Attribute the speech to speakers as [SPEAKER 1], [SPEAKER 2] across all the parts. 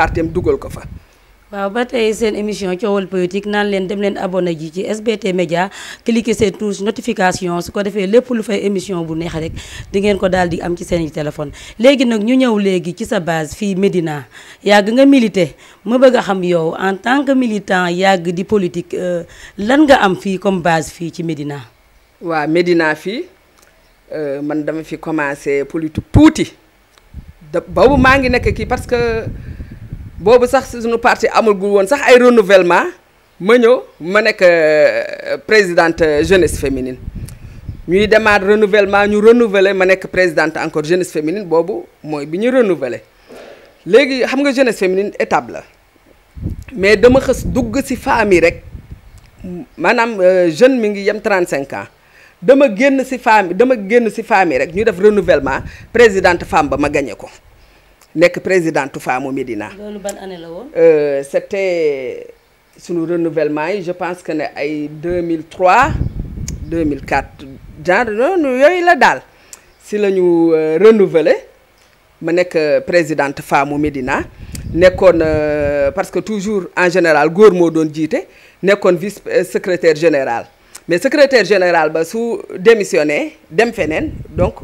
[SPEAKER 1] partem dugal ko fa
[SPEAKER 2] waaw ba tey seen émission coowal politique naan leen dem leen abonné ji ci SBT Média cliquer seen touche notification su ko defee lépp lu fay émission bu neex rek di ngeen ko daal di am ci seen téléphone léegi nag ñu ñëw léegi ci sa base fii Médina yàgg nga milité ma bëgg a xam yow en tant que militant yàgg di politique euh, lan nga am fii comme base fii ci Médina
[SPEAKER 1] waaw Médina fii euh, man dama fi commencé politique tuuti boobu maa ngi nekk kii parce que boobu sax suñu parti amul gu woon sax ay renouvellement ma ñëw ma nekk euh, présidente jeunesse féminine ñuy demaat renouvellement ñu renouveler ma nekk présidente encore jeunesse féminine boobu mooy bi ñu renouveler léegi xam nga jeunesse féminine étape la mais dama xës dugg si famille rek maanaam euh, jeune mi ngi yem cinq ans dama génn si famille dama génn si famille rek ñu def renouvellement présidente femme ba ma gañe ko nekk présidente Femme Médina.
[SPEAKER 2] loolu ban année
[SPEAKER 1] la woon. Euh, c' sunu renouvellement je pense que ne ay 2003 2004 genre noonu yooyu la daal si la ñu euh, renouveler ma nekk euh, présidente Femme Médina nekkoon parce que toujours en général góor moo doon jiite nekkoon vice secrétaire général mais secrétaire général ba su démissionné dem feneen donc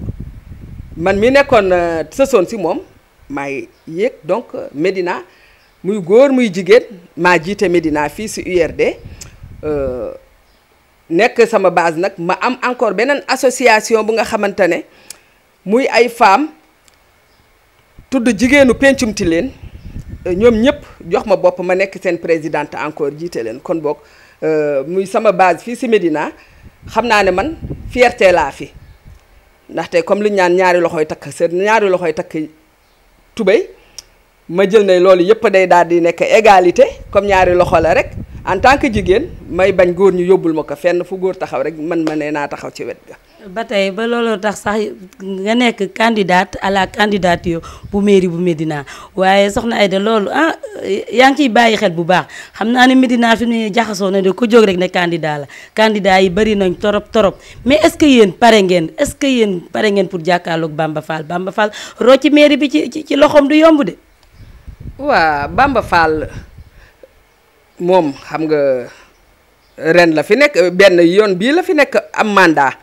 [SPEAKER 1] man mi nekkoon sësoon si moom. maay yéeg donc Médina muy góor muy jigéen maa jiite Médina fii si URD euh, nekk sama base nag ma am encore beneen association bu nga xamante ne muy ay femmes tudd jigéenu pencum ti leen euh, ñoom ñëpp jox ma bopp ma nekk seen présidente encore jiite leen kon boog euh, muy sama base fii si Médina xam naa ne man fierté laa fi ndaxte comme li ñu naan ñaari loxoy takk seen ñaari loxoy takk. tubéy ma jël ne loolu yëpp day daal di nekk égalité comme ñaari loxo la rek en tant que jigéen may bañ góor ñu yóbbul ma ko fenn fu góor taxaw rek man ma ne naa taxaw ci wet ga
[SPEAKER 2] ba tey ba looloo tax sax nga nekk candidate à la candidature bu mairie bu Médina waaye soxna Aïda loolu ah yaa ngi ciy bàyyi xel bu baax xam naa ne Médina fi mu jaxasoo na de ku jóg rek ne candidat la candidat yi bari nañ torop torop mais est-ce que yéen pare ngeen est-ce que yéen pare ngeen pour jàkkaarloog Bamba Fall Bamba Fall roo ci mairie bi ci ci loxoom du yomb de.
[SPEAKER 1] waa Bamba Fall moom xam nga ren la fi nekk benn yoon bii la fi nekk am mandat.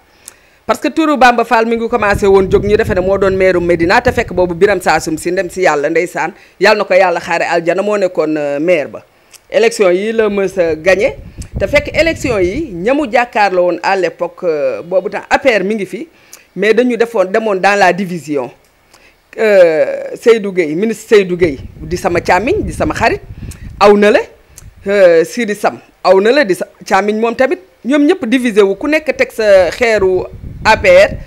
[SPEAKER 1] parce que turu Bamba Fall mi ngi commencé woon jóg ñu defe ne moo doon meeru Medina te fekk boobu Biram Saasum si ndem si yàlla ndeysaan yàlla na ko yàlla xaare aljana moo nekkoon euh, maire ba élection yi la mës a gagné te fekk élection yi ñamu jàkkaar la woon à l'époque euh, boobu temps APR mi ngi fi mais dañu defoon demoon dans la division euh, Seydou Gueye ministre Seydou Gueye di sama càmmiñ di sama xarit aw na la Sidi Sam aw na la di sa càmmiñ moom tamit ñoom ñëpp divisé wu ku nekk teg sa xeeru APR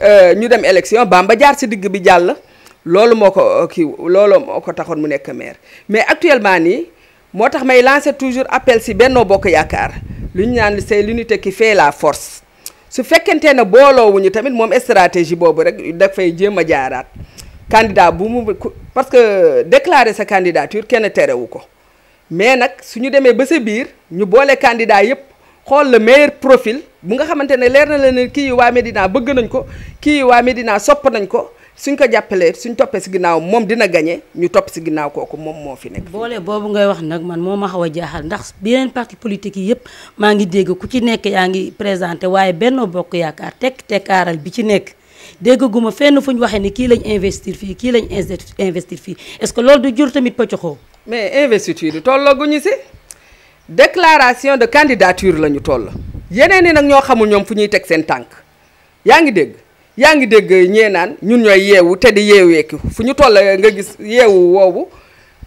[SPEAKER 1] euh, ñu dem élection Bamba jaar si digg bi jàll loolu moo ko euh, kii loolu moo ko taxoon mu nekk maire mais actuellement nii moo tax may lancer toujours appel si Benno Bokk Yaakaar lu ñu naan c'est l'unité qui fait la force su fekkente ne booloowuñu tamit moom stratégie boobu rek dafay jéem a jaaraat candidat bu mu parce que déclarer sa candidature kenn terewu ko mais nag su ñu demee ba sa biir ñu boole candidat yëpp. xool le meilleur profil bu nga xamante ne leer na leen ne kii waa Médina bëgg nañ ko kii waa Médina sopp nañ ko suñ ko jàppalee suñ toppee si ginnaaw moom dina gañe ñu topp si ginnaaw kooku moom moo fi nekk.
[SPEAKER 2] boole boobu ngay wax nag man moo ma xaw a jaaxal ndax beneen parti politique yi yëpp maa ngi dégg ku ci nekk yaa ngi présenté waaye Benno Bokk Yaakaar tekk tekkaaral bi ci nekk. déggaguma fenn fu ñu waxee ni kii lañ investir fii kii lañ investir fii est-ce que loolu du jur tamit pëccoxoo.
[SPEAKER 1] mais investiture yi tolloo gu ñu si. déclaration de candidature la ñu toll yeneen yi nag ñoo xamul ñoom fu ñuy teg seen tànk yaa ngi dégg yaa ngi dégg ñee naan ñun ñooy yeewu te di yeeweeku fu ñu toll nga gis yeewu woowu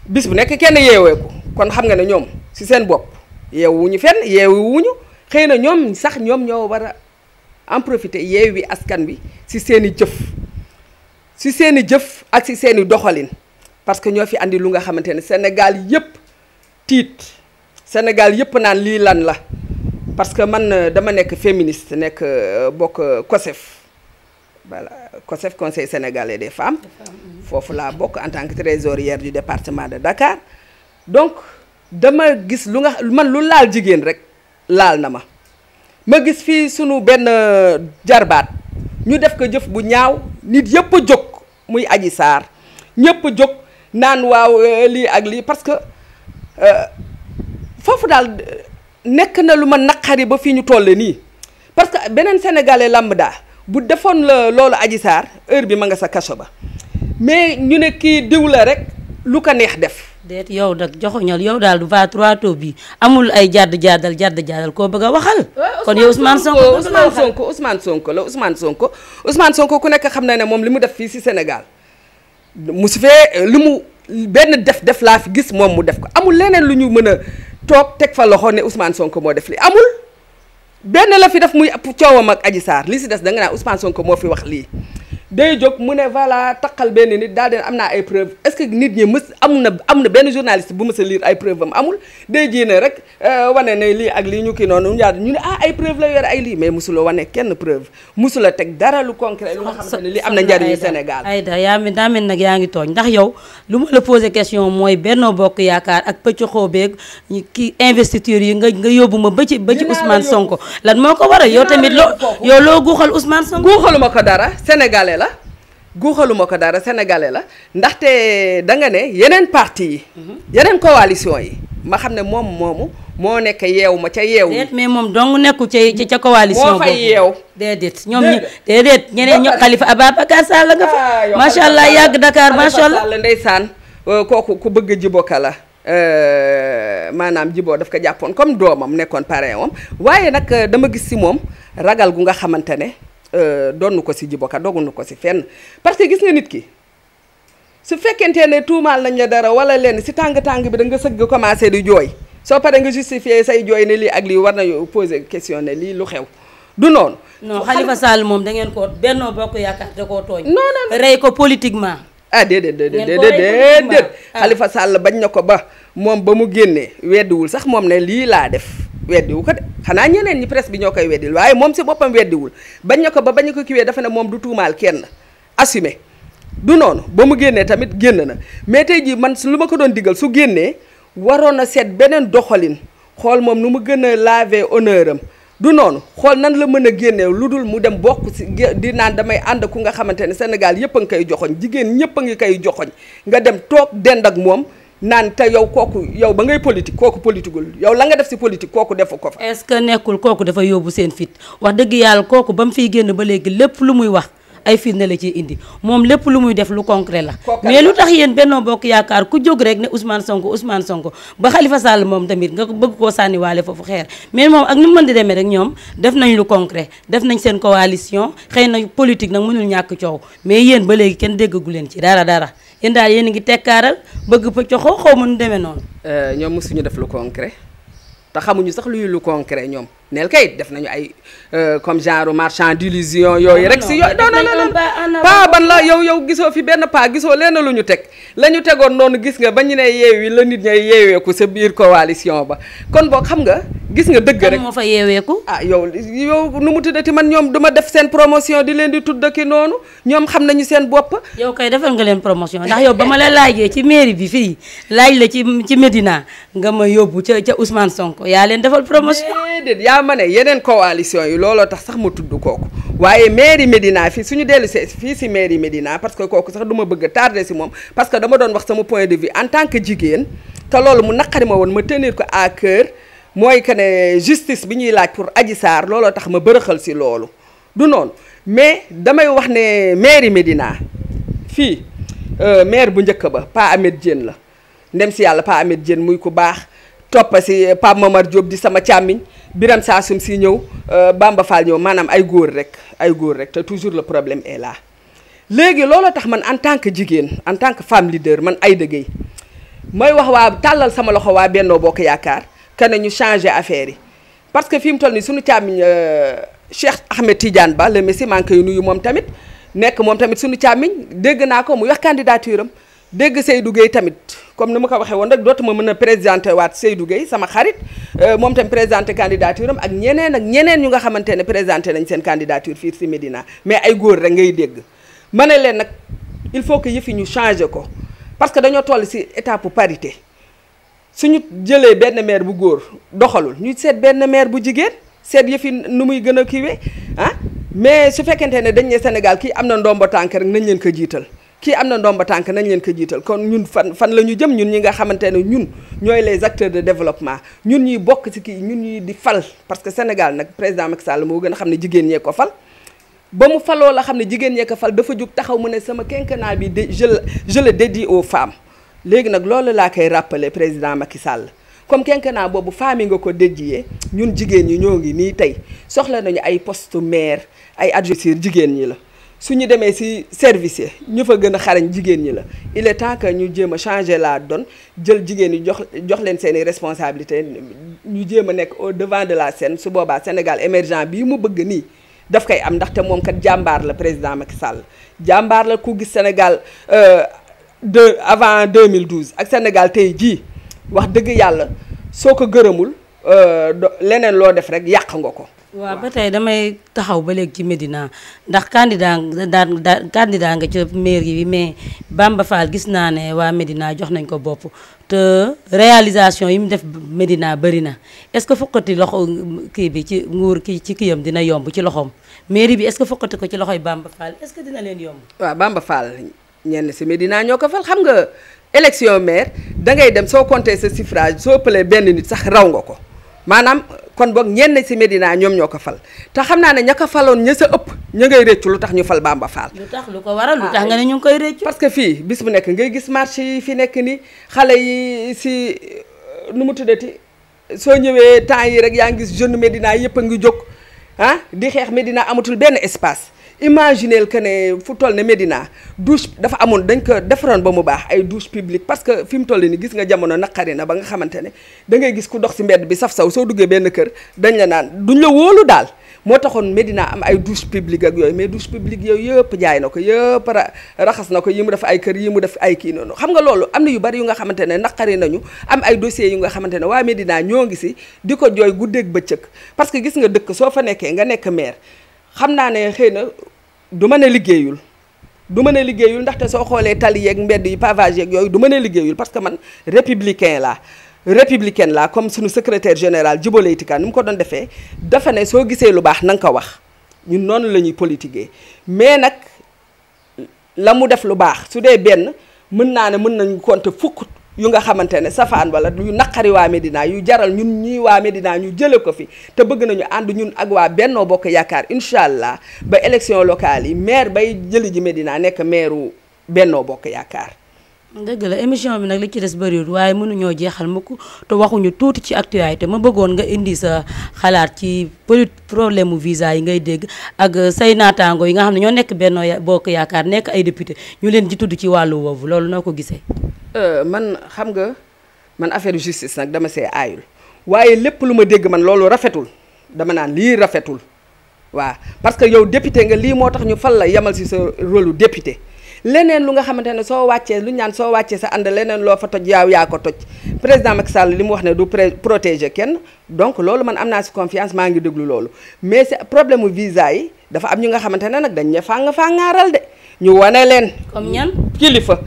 [SPEAKER 1] bis bu nekk kenn yeeweeku kon xam nga ne ñoom si seen bopp wu yeewuñu fenn yeewuñu xëy na ñoom sax ñoom ñoo war a en profiter bi askan bi si seen i jëf si seeni jëf ak si seen i doxalin parce que ñoo fi andi lu nga xamante ne Sénégal yépp tiit Sénégal yëpp naan lii lan la parce que man euh, dama nekk féministe nekk euh, bokk euh, COSEF voilà COSEF conseil sénégalais des femmes mm-hmm. foofu laa bokk en tant que trésorière du département de Dakar donc dama gis lu nga man lu laal jigéen rek laal na ma ma gis fii sunu benn jarbaat ñu def ko jëf bu ñaaw nit yëpp a jóg muy aji saar ñëpp jóg naan waaw lii ak lii parce que daal nekk na lu ma naqari ba fii ñu toll nii parce que beneen làmb lambda bu defoon la loolu Adji Sarr heure bi ma nga sa kaso ba mais ñu ne kii diw la rek lu ko neex def.
[SPEAKER 2] déet yow nag joxoñal yow daal du va trois tours bi amul ay jàdd jàddal jàdd jàddal ko bëgg a waxal.
[SPEAKER 1] kon yow Ousmane Sonko Ousmane Sonko Ousmane Sonko la Ousmane Sonko Ousmane Sonko ku nekk xam na ne moom li mu def fii si Sénégal mu si fee li mu benn def def laa fi gis moom mu def ko amul leneen lu ñu mën a. toog teg fa loxo ne usmaan Sonko moo def li amul benn la fi def muy coowam ak Adji Sarr li si des da nga naan Ousmane Sonko moo fi wax lii. day jóg mu ne voilà taqal benn nit daal den am naa ay preuve est que nit ñi mës am na am na benn journaliste bu mës a lire ay preuve am amul day jiine rek euh, wane ne lii ak lii ñu kii noonu ñaar ñu ne ah ay preuve la yore ay lii mais mosuloo wane kenn preuve mosula teg dara lu concret lu nga xam ne lii am na njariñu Sénégal
[SPEAKER 2] Aïda yaa mi daa mel nag yaa ngi tooñ ndax yow lu ma la posé question mooy Benno Bokk Yaakaar ak pëccoxoo beeg ki investiture yi nga nga yóbbu ma ba ci ba ci Ousmane
[SPEAKER 1] lan moo ko waral yow tamit loo yow loo guuxal Ousmane Sonko guuxaluma ko dara sénégalais guuxaluma ko dara sénégalais la ndaxte da nga ne yeneen parti yi. yeneen coalition yi ma xam ne moom moomu moo nekk yeew ma ca yeew. déet
[SPEAKER 2] mais moom dong nekku ca ca coalition. moo fay yeew
[SPEAKER 1] déedéet ñoom ñi
[SPEAKER 2] déedéet nga fa. Ah, macha allah yàgg ndakaar macha allah Sall
[SPEAKER 1] ndeysaan euh, kooku ku bëgg jiboka la. Euh, maanaam jiboo daf ko jàppoon comme doomam nekkoon parent am waaye nag euh, dama gis si moom ragal gu nga xamante ne. Euh, donnu ko si jiboka dogunu ko si fenn parce que gis nga nit ki su fekkentee ne tuumaal nañ la dara wala lenn si tàng-tàng bi da nga sëgg commencé di jooy soo paree nga justifier say jooy ne lii ak lii war nañu poser question ne lii lu xew du noonu.
[SPEAKER 2] non Khalifa Sall moom da ngeen ko Benno Bokk Yaakaar tooñ. non
[SPEAKER 1] non rey ko politiquement. ah déedéet déedéet déedéet déedéet ah. Khalifa bañ na ko ba moom ba mu génnee weddiwul sax moom ne lii laa def. weddiwu ko de xanaa ñeneen ñi presse bi ñoo koy weddil waaye moom si boppam weddiwul bañ na ko ba bañ ko kiwee dafa ne moom du tuumaal kenn assumé du noonu ba mu génnee tamit génn na mais tey jii man lu ma ko doon digal su génnee waroon a seet beneen doxalin xool moom nu mu gën a laver honneur am du noonu xool nan la mën a génnee lu dul mu dem bokk si di naan damay ànd ku nga xamante ne Sénégal yëpp a ngi koy joxoñ jigéen ñëpp a ngi koy joxoñ nga dem toog dend ak moom naan te yow kooku yow ba ngay politique kooku politiqueul yow la nga def si politique kooku defu ko fa.
[SPEAKER 2] est-ce que nekkul kooku dafa yóbbu seen fit wax dëgg yàlla kooku ba mu fiy génn ba léegi lépp lu muy wax. ay firnde la ci indi moom lépp lu muy def lu concret la mais lu tax yéen Benno Bokk Yaakaar ku jóg rek ne usmaan Sonko Ousmane Sonko ba xalifa Sall moom tamit nga bëgg koo sànniwaale foofu xeer mais moom ak ni mu mën di demee rek ñoom def nañ lu concret def nañ seen coalition xëy na politique nag mënul ñàkk coow mais yéen
[SPEAKER 1] ba léegi kenn déggagu leen ci dara dara yéen daal yéen a ngi
[SPEAKER 2] tekkaaral bëgg fa coxoo xaw ma nu demee noonu.
[SPEAKER 1] Euh, ñoom mosuñu def lu concret te xamuñu sax luy lu concret ñoom. neel kay def nañu ay euh, comme genre marchand d'illusion yooyu rek si yooyu non non
[SPEAKER 2] non pas ban la yow
[SPEAKER 1] yow gisoo fi benn pas gisoo lenn lu ñu teg la ñu tegoon noonu gis nga ba ñu ne yeewi la nit ñay yeeweeku sa biir coalition ba kon boog xam nga gis nga dëgg rek moo fa yeeweeku ah yow yow nu mu tuddati man ñoom du def seen promotion di leen di tudd ki noonu ñoom xam nañu
[SPEAKER 2] seen bopp yow kay defal nga leen promotion ndax yow ba ma la laajee ci mairie bi fii laaj la ci ci Médina nga
[SPEAKER 1] ma yóbbu ca ca Ousmane Sonko yaa leen defal promotion déedéet maa ma ne yeneen coalition yi looloo tax sax ma tudd kooku waaye mairie Médina fii suñu dellu si fii si mairie Médina parce que kooku sax duma bëgg a tardé si moom parce que dama doon wax sama point de vue en tant que jigéen te loolu mu naqari ma woon ma tenir ko à cœur mooy que ne justice bi ñuy laaj pour aji saar looloo tax ma bërëxal si loolu du noonu mais damay wax ne mairie Médina fii euh, maire bu njëkk ba Pa Ahmed Diène la ndem si yàlla Pa Ahmed Diène muy ku baax toppa si eh, Pape Momar Diop di sama càmmiñ Biram Saasum si ñëw eh, Bamba Fall ñëw maanaam ay góor rek ay góor rek te toujours le problème et la léegi looloo tax man en tant que jigéen en tant que femme leader man ay Gueye mooy wax waa tàllal sama loxo waa Bennoo Bokk Yaakaar que ñu changé affaire yi parce que fi mu toll nii suñu càmmiñ euh, Cheikh Ahmed Tidiane Ba le messi maa ngi koy nuyu moom tamit nekk moom tamit suñu càmmiñ dégg naa ko mu wax candidature am dégg Seydou Gueye tamit comme ni ma ko waxee woon rek dootuma mën a présenté waat Seydou Gueye sama xarit euh, moom tam présenté candidature am ak ñeneen ak ñeneen ñu nga xamante ne présenté nañ seen candidature fii si Médina mais ay góor rek ngay dégg ma ne leen nag il faut que yëfi ñu changé ko parce que dañoo toll si étape parité suñu jëlee benn maire bu góor doxalul ñu seet benn maire bu jigéen seet yëf nu muy gën a kiiwee ah mais su fekkente ne dañ Sénégal kii am na ndombo tànk rek nañ leen ko jiital. kii am na ndomba tànk nañ leen ko jiital kon ñun fan fan la ñu jëm ñun ñi nga xamante ne ñun ñooy les acteur de développement ñun ñuy bokk ci kii ñun ñuy di fal parce que Sénégal nag président Macky Sall moo gën a xam ne jigéen ñee ko fal ba mu faloo la xam ne jigéen ñee ko fal dafa jug taxaw mu ne sama quinquennat bi de je je le dédie aux femmes léegi nag loolu laa koy rappeler président Macky Sall comme kenk naa boobu femmes yi nga ko dédiyee ñun jigéen ñi ñoo ngi nii tey soxla nañu ay poste maire ay adjoint jigéen ñi la su ñu demee ci service yi ñu fa gën a xarañ jigéen ñi la il est temps que ñu jéem a changer la donne jël jigéen ñi jox jox leen seeni responsabilité ñu jéem a nekk au devant de la scène su boobaa Sénégal émergent bii mu bëgg nii daf koy am ndaxte moom kat jàmbaar la président Macky Sall jàmbaar la ku gis Sénégal euh, de avant deux 2012 ak Sénégal tey jii wax dëgg yàlla soo ko gërëmul euh, leneen loo def rek yàq nga ko.
[SPEAKER 2] waa ba tey damay taxaw ba léegi ci Médina ndax candidat daa candidat nga ci maire yi mais Bamba Fall gis naa ne waa Médina jox nañ ko bopp te réalisation yi mu def Médina bëri na est-ce que fokkati loxo kii bi ci nguur ki ci kiyam dina yomb ci loxoom mairie bi est-ce que fokkati ko ci loxo yi Bamba Fall est-ce que dina leen yomb. waa Bamba
[SPEAKER 1] Fall ñenn si Médina ñoo ko fal xam nga élection maire dangay dem soo compter sa suffrage soo pëlee benn nit sax raw nga ko kon boog ñenn ci Medina ñoom ñoo ko fal te xam naa ne ña faloon ña sa ëpp ña ngay réccu lu tax ñu fal Bamba Fall.
[SPEAKER 2] lu tax lu ko waral lu tax nga
[SPEAKER 1] ne ñu ngi koy réccu. parce que fii bis bu nekk ngay gis marché yi fi nekk ni xale yi si euh, nu mu tuddati soo ñëwee temps yi rek yaa ngi gis jeune Medina yëpp a ngi jóg ah di xeex Medina amatul benn espace. imaginez que ne fu toll ne Médina douche dafa amoon dañ ko defaroon ba mu baax ay douche publique parce que fi mu toll ni gis nga jamono naqari na ba nga xamante ne da ngay gis ku dox si mbedd bi saf saw soo duggee benn kër dañ la naan duñ la woolu daal moo taxoon Médina am ay douche publique ak yooyu mais douche publique yooyu yëpp jaay na ko yëpp raxas na ko yi mu def ay kër yi mu def ay kii noonu xam nga loolu am na yu bari yu nga xamante ne naqari nañu am ay dossiers yu nga xamante ne waa Médina ñoo ngi si di ko jooy guddeeg bëccëg parce que gis nga dëkk soo fa nekkee nga nekk maire xam naa ne xëy na du mën a liggéeyul du mën a liggéeyul ndaxte soo xoolee tali yeeg mbedd yi pavage yeeg yooyu du mën a liggéeyul parce que man républicain laa républicaine laa comme suñu secretaire général Djibo Leyti Ka ni mu ko doon defee dafa ne soo gisee lu baax nanga ko wax ñun noonu la ñuy politiquer mais nag la mu def lu baax su dee benn mën naa ne mën nañu compter fukk yu nga xamante ne safaan wala yu naqari waa Medina yu jaral ñun ñii waa Medina ñu jële ko fi te bëgg nañu ànd ñun ak waa Bennoo Bokk Yaakaar incha allah ba élection locale yi maire bay jëli ji Medina nekk maireu Bennoo Bokk Yaakaar
[SPEAKER 2] dëgg la émission bi nag li ci des bëriwul waaye mënuñoo jeexal mukk te waxuñu tuuti ci actualité ma bëggoon nga indi sa xalaat ci poli problème mu visa yi ngay dégg ak say naataango yi nga xam ne ñoo nekk bennoo bokk yaakaar nekk ay député ñu leen ji tudd ci wàllu woowu loolu noo ko gisee.
[SPEAKER 1] Euh, man xam nga man affaire justice nag dama see aayul waaye lépp lu ma dégg man loolu rafetul dama naan lii rafetul waa parce que yow député nga lii moo tax ñu fal la yemal si sa rôle député. leneen lu nga xamante ne soo wàccee lu ñaan soo wàccee sa ànd leneen loo fa toj yaaw yaa ko toj président Macky Sall li mu wax ne du protéger kenn donc loolu man am naa si confiance maa ngi déglu loolu mais c'est problème mu visa yi dafa am ñu nga xamante ne nag dañ ne fàng fàngaaral de ñu wane leen. comme ñan kilifa.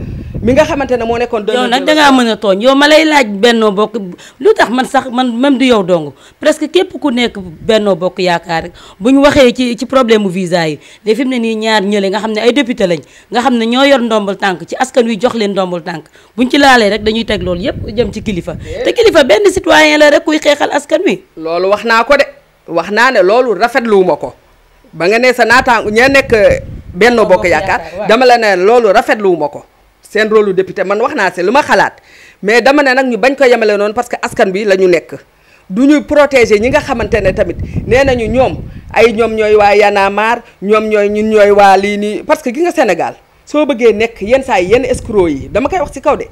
[SPEAKER 1] mi nga xamante ne moo nekkoon. yow nag dangaa
[SPEAKER 2] mën a tooñ yow ma lay laaj bennoo bokk lu tax man sax man même di yow dong presque képp ku nekk bennoo bokk yaakaar rek bu ñu waxee ci ci problème mu visa yi de fi mu ne nii ñaar ñële nga xam ne ay député lañ nga xam ne ñoo yor ndombal tànk ci askan wi jox leen ndombal tànk buñ ci laalee rek dañuy teg loolu yépp jëm ci kilifa
[SPEAKER 1] te kilifa benn citoyen la rek kuy xeexal askan wi. loolu wax naa ko de wax naa ne loolu rafetluwuma ko ba nga ne sa naataango ña nekk benn bokk yaakaar dama la ne loolu rafetluwuma ko seen rôle lu man wax naa si lu ma xalaat mais dama ne nag ñu bañ ko yemale noonu parce que askan bi lañu nekk du ñuy protéger ñi nga xamante ne tamit nee nañu ñoom ay ñoom ñooy waa yanamar ñoom ñooy ñun ñooy waa lii nii parce que gi nga Sénégal soo bëggee nekk yenn saa yi yenn escroc yi dama koy wax ci kaw de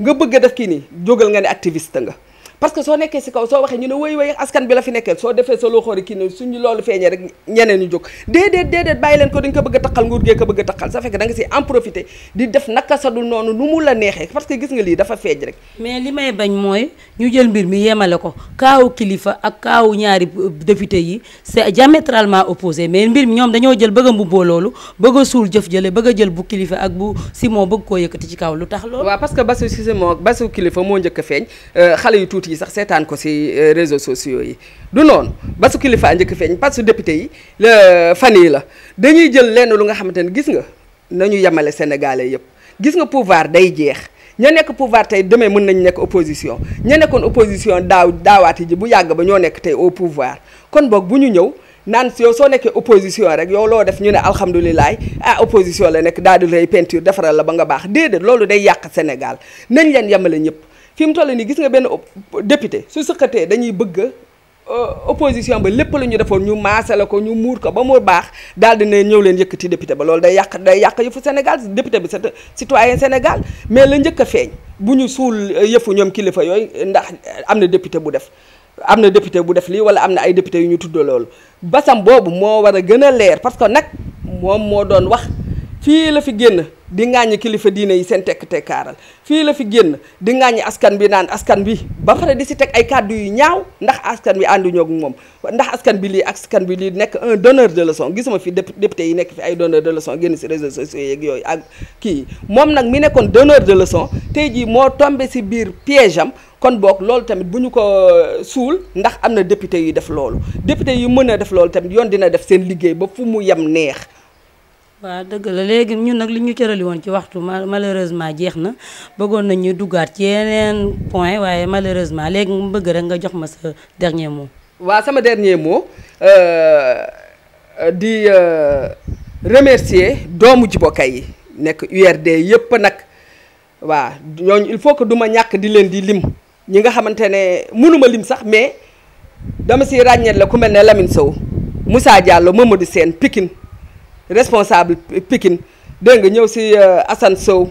[SPEAKER 1] nga bëgg a def kii nii jógal nga ne activiste nga parce que soo nekkee si kaw soo waxee ñu ne woy woy askan bi la fi nekkee soo defee sa loxoori kii ne suñu loolu feeñee rek ñeneen ñu jóg déedéet déedéet bàyyi leen ko dañ ko bëgg a taqal nguur gee ko a taqal sa nga si en di def naka sadul noonu nu mu la neexee parce que gis nga lii dafa feej rek
[SPEAKER 2] mais li may bañ mooy ñu jël mbir mi yemale ko kaaw kilifa ak kaaw ñaari député yi c'est diamétralement opposé mais mbir mi ñoom dañoo jël bëgg a mbubboo loolu bëgg a suul jëf jële a jël bu kilifa
[SPEAKER 1] ak bu Simon bëgg koo yëkkati ci kaw lu tax loolu waaw que basu Simon basu kilifa moo njëkk a feeñ euh, tuuti politique yi sax seetaan ko si euh, réseau sociaux yi du noonu ba su kilifa njëkk feeñ parce que député yi fan yi la dañuy jël lenn lu nga xamante ne gis nga nañu yemale sénégalais yëpp gis nga pouvoir day jeex ña nekk pouvoir tey demee mën nañu nekk opposition ña nekkoon opposition daaw daawaati ji bu yàgg ba ñoo nekk tey au pouvoir kon boog bu ñu ñëw naan yow soo nekkee opposition rek yow loo def ñu ne alhamdulilah ah opposition la nekk daal di lay peinture defaral la ba nga baax déedéet loolu day yàq Sénégal nañ leen yemale ñëpp. fi mu toll nii gis nga benn député su sëqatee dañuy bëgg euh, opposition ba lépp lu ñu defoon ñu maase la ko ñu muur ko ba mu baax daal di ne ñëw leen yëkkati député ba loolu day yàq day yàq yëfu Sénégal député bi c'est citoyen Sénégal mais la njëkk a feeñ bu ñu suul euh, yëfu ñoom kilifa yooyu ndax euh, am na député bu def am na député bu def lii wala am na ay député yu ñu tudd loolu basam boobu moo war a gën a leer parce que nag moom moo doon wax fii la fi génn di ŋàññi kilifa diine yi seen tekk-tekkaaral fii la fi génn di ŋàññi askan bi naan askan bi ba pare di si teg ay kàddu yu ñaaw ndax askan bi ànduñoo moom ndax askan bi lii askan bi lii nekk un donneur de leçon gisuma fi député yi nekk fi ay donneur de leçon génn si réseaux sociaux yeeg yooyu ak kii moom nag mi nekkoon donneur de leçon tey jii moo tombé si biir piège am kon boog loolu tamit bu ñu ko euh, suul ndax am na député yu def loolu député yu mën a def loolu tamit yoon dina def seen liggéey ba fu mu yem neex
[SPEAKER 2] waaw dëgg la léegi ñun nag li ñu cërali woon ci waxtu malheureusement jeex na bëggoon nañ ñu duggaat ci yeneen point waaye malheureusement léegi mu bëgg rek nga jox ma sa dernier moom waaw sama dernier mot euh,
[SPEAKER 1] euh, di euh, remercier doomu Djiboka yi nekk URD yëpp nag waaw ñooñu il faut que duma ñàkk di leen di lim ñi nga xamante ne mënuma lim sax mais dama si ràññeet la ku mel ne Lamine Sow Moussa Diallo Mamadou seen pikin responsable pikin dégg nga ñëw si euh, Assane Sow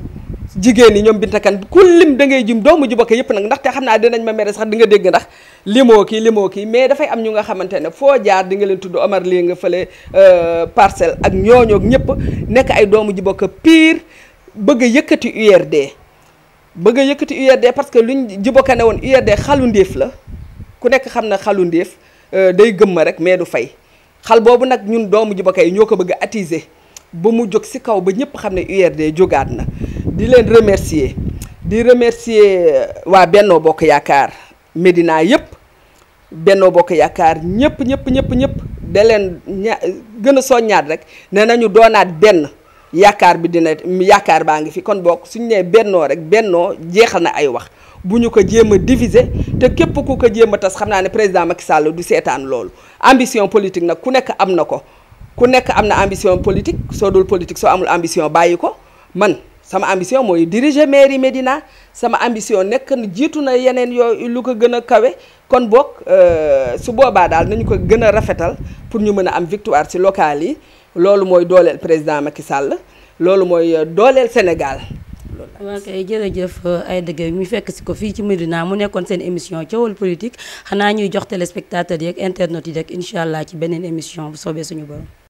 [SPEAKER 1] jigéen ñi ñoom Binta Kane ku lim da ngay jum doomu ju bokk yëpp nag ndaxte xam naa dinañ ma mere sax dinga dégg ndax limo ki limoo ki mais dafay am ñu nga xamante ne foo jaar di nga leen tudd Omar lii nga fële euh, parcelle ak ñooñoog ñëpp nekk ay doomu ju bokk pire bëgg yëkkati URD bëgg a yëkkati parce que luñ ju bokk ne woon URD xalu ndéef la ku nekk xam na xalu ndéef euh, day gëmma rek mais du fay xal boobu nag ñun doomu Djiba Kaye ñoo ko bëgg a ba mu jóg si kaw ba ñëpp xam ne URD jógaat na di leen remercier di remercier euh, waa Bennoo Bokk Yaakaar Médina yëpp Bennoo Bokk Yaakaar ñëpp ñëpp ñëpp ñëpp da leen ña gën a soññaat rek ne nañu doonaat benn yaakaar bi dina yaakaar baa ngi fi kon bokk suñ nee bennoo rek bennoo jeexal na ay wax bu ñu ko jéem a diviser te képp ku ko jéem a tas xam naa ne président Macky Sall du seetaan loolu ambition politique nag ku nekk am na ko ku nekk am na ambition politique soo dul politique soo amul ambition bàyyi ko man sama ambition mooy diriger mairie Médina sama ambition nekk na jiitu na yeneen yooyu lu ko gën a kawe kon boog euh, su boobaa daal nañu ko gën a rafetal pour ñu mën a am victoire si locales yi loolu mooy dooleel président Macky Sall loolu mooy euh, dooleel Sénégal
[SPEAKER 2] loolu waaw kay jërëjëf euh, Aida Gueye ñu fekk si ko fii ci Medina mu nekkoon seen émission coowal politique xanaa ñuy jox téléspectateurs yeeg internautes yi rek incha allah ci beneen émission bu soobee suñu borom